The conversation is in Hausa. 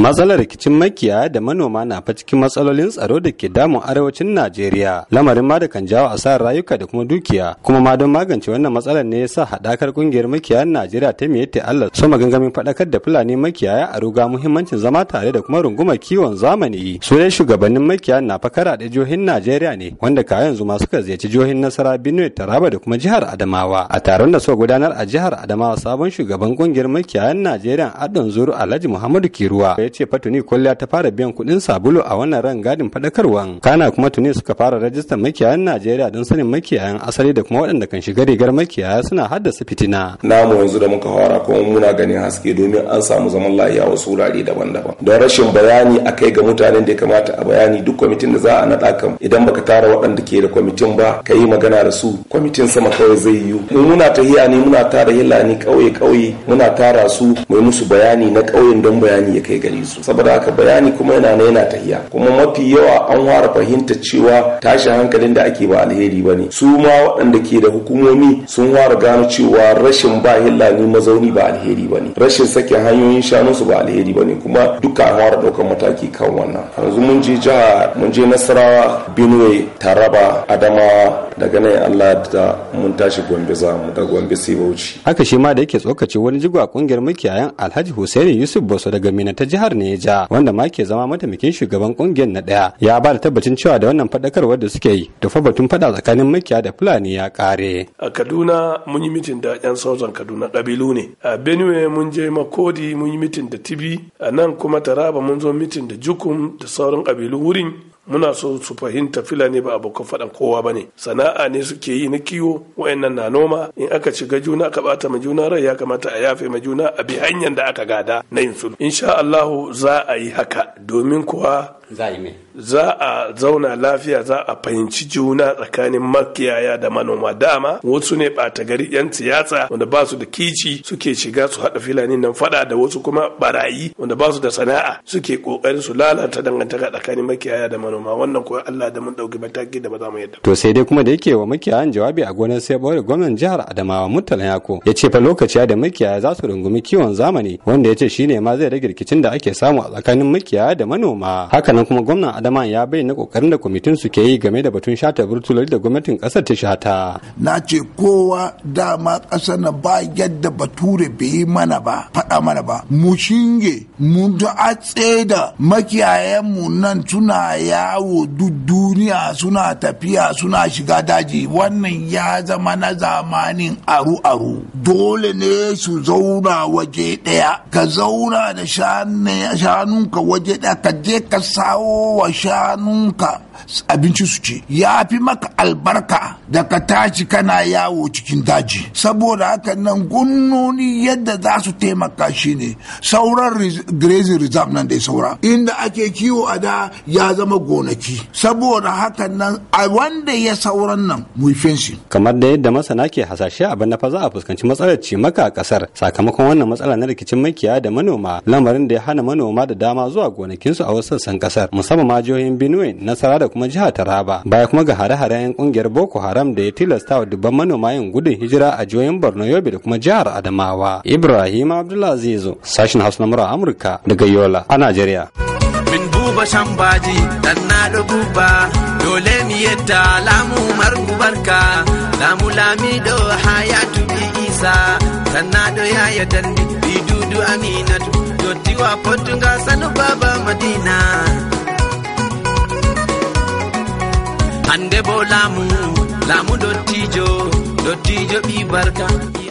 matsalar rikicin makiya da manoma na fa cikin matsalolin tsaro da ke damun arewacin najeriya lamarin ma da kan jawo sa rayuka da kuma dukiya kuma ma don magance wannan matsalar ne yasa haɗakar ƙungiyar makiyayan najeriya ta ta allah so magangamin faɗakar da fulani makiyaya a ruga muhimmancin zama tare da kuma rungumar kiwon zamani su dai shugabannin makiyaya na fakara da jihohin najeriya ne wanda ka yanzu ma suka ziyarci jihohin nasara benue taraba da kuma jihar adamawa a taron da suka gudanar a jihar adamawa sabon shugaban ƙungiyar makiyayan najeriya adon zuru alhaji muhammadu kiruwa ya ce fatuni kwalliya ta fara biyan kuɗin sabulu a wannan ran gadin faɗakarwan kana kuma tuni suka fara rajistar makiyayan najeriya don sanin makiyayan asali da kuma waɗanda kan shiga rigar makiyaya suna haddasa fitina namu yanzu da muka fara kuma muna ganin haske domin an samu zaman lafiya wasu wurare daban-daban don rashin bayani a kai ga mutanen da ya kamata a bayani duk kwamitin da za a naɗa kan idan baka tara waɗanda ke da kwamitin ba ka yi magana da su kwamitin sama kawai zai yiwu mu muna tahiya ne muna tara hila ne ƙauye-ƙauye muna tara su mai musu bayani na ƙauyen don bayani ya kai gari yi su saboda haka bayani kuma yana na yana tahiya kuma mafi yawa an fara fahimta cewa tashin hankalin da ake ba alheri ba ne su ma waɗanda ke da hukumomi sun fara gano cewa rashin ba hilla ne mazauni ba alheri ba ne rashin sake hanyoyin shanunsu ba alheri ba ne kuma duka an fara ɗaukar mataki kan wannan yanzu mun je jiha mun je nasarawa benue taraba adamawa daga nan allah da mun tashi gombe za mu ga gombe sai bauchi haka shi ma da yake tsokace wani jigo a kungiyar makiyayan alhaji hussein yusuf boso daga mina ta jihar jihar Neja wanda ma ke zama mataimakin shugaban kungiyar na daya ya ba da tabbacin cewa da wannan fadakarwar da suke yi tufa batun fada tsakanin makiya da Fulani ya kare. A Kaduna mun yi mitin da yan sojan Kaduna kabilu ne. A Benue mun je Makodi mun yi mitin da Tibi a nan kuma Taraba mun zo mitin da Jukum da sauran kabilu wurin muna so su fahimta filani ba abokan faɗan kowa ba ne sana'a ne suke yi na kiwo wayannan na noma in aka shiga juna aka ɓata ma juna rai ya kamata a yafe ma juna a bi hanyar da aka gada na yin sulhu insha Allahu za a yi haka domin kuwa za a zauna lafiya za a fahimci juna tsakanin makiyaya da manoma dama wasu ne ɓata gari yan siyasa wanda ba su da kici suke shiga su haɗa filani nan fada da wasu kuma barayi wanda ba su da sana'a suke ƙoƙarin su lalata dangantaka tsakanin makiyaya da manoma wannan kuwa Allah da mun ɗauki mataki da ba za mu yadda. To sai dai kuma da yake wa makiyayan jawabi a gonar sai bawar gwamnan jihar Adamawa Murtala Yako ya ce fa lokaci da makiyaya za su rungumi kiwon zamani wanda ya ce shine ma zai rage rikicin da ake samu a tsakanin makiyaya da manoma. Haka sannan kuma gwamnan adama ya bayyana kokarin da kwamitin su ke yi game da batun shata burtulari da gwamnatin kasar ta shata na ce kowa dama kasar na ba yadda bature bai yi mana ba faɗa mana ba mu shinge mu da a da mu nan suna yawo duk duniya suna tafiya suna shiga daji wannan ya zama na zamanin aru-aru dole ne su zauna waje ɗaya ka zauna da shanunka waje ɗaya ka je ka sa kawo wa shanunka abinci su ci ya fi maka albarka da ka tashi kana yawo cikin daji saboda haka nan gunnoni yadda za su taimaka shi ne sauran grazing reserve nan da ya saura inda ake kiwo a da ya zama gonaki saboda haka nan a wanda ya sauran nan mu fensi kamar da yadda masana ke hasashe abin na fa za a fuskanci matsalar cimaka a kasar sakamakon wannan matsala na rikicin makiya da manoma lamarin da ya hana manoma da dama zuwa gonakinsu a wasu sassan kasar kasar musamman ma jihohin Benue, Nasara da kuma jihar Taraba. Baya kuma ga hare-hare 'yan kungiyar Boko Haram da ya tilasta wa dubban manoma yin gudun hijira a jihohin Borno, Yobe da kuma jihar Adamawa. Ibrahim Abdulaziz, sashin Hausa na Amurka daga Yola a nigeria Min buba shambaji dan na da buba dole mi yadda lamu marku barka lamu lami do hayatu bi isa na do ya yadda ni dudu aminatu dotti wa sanu baba madina laamu laamu dottijo dottijo ɓi barka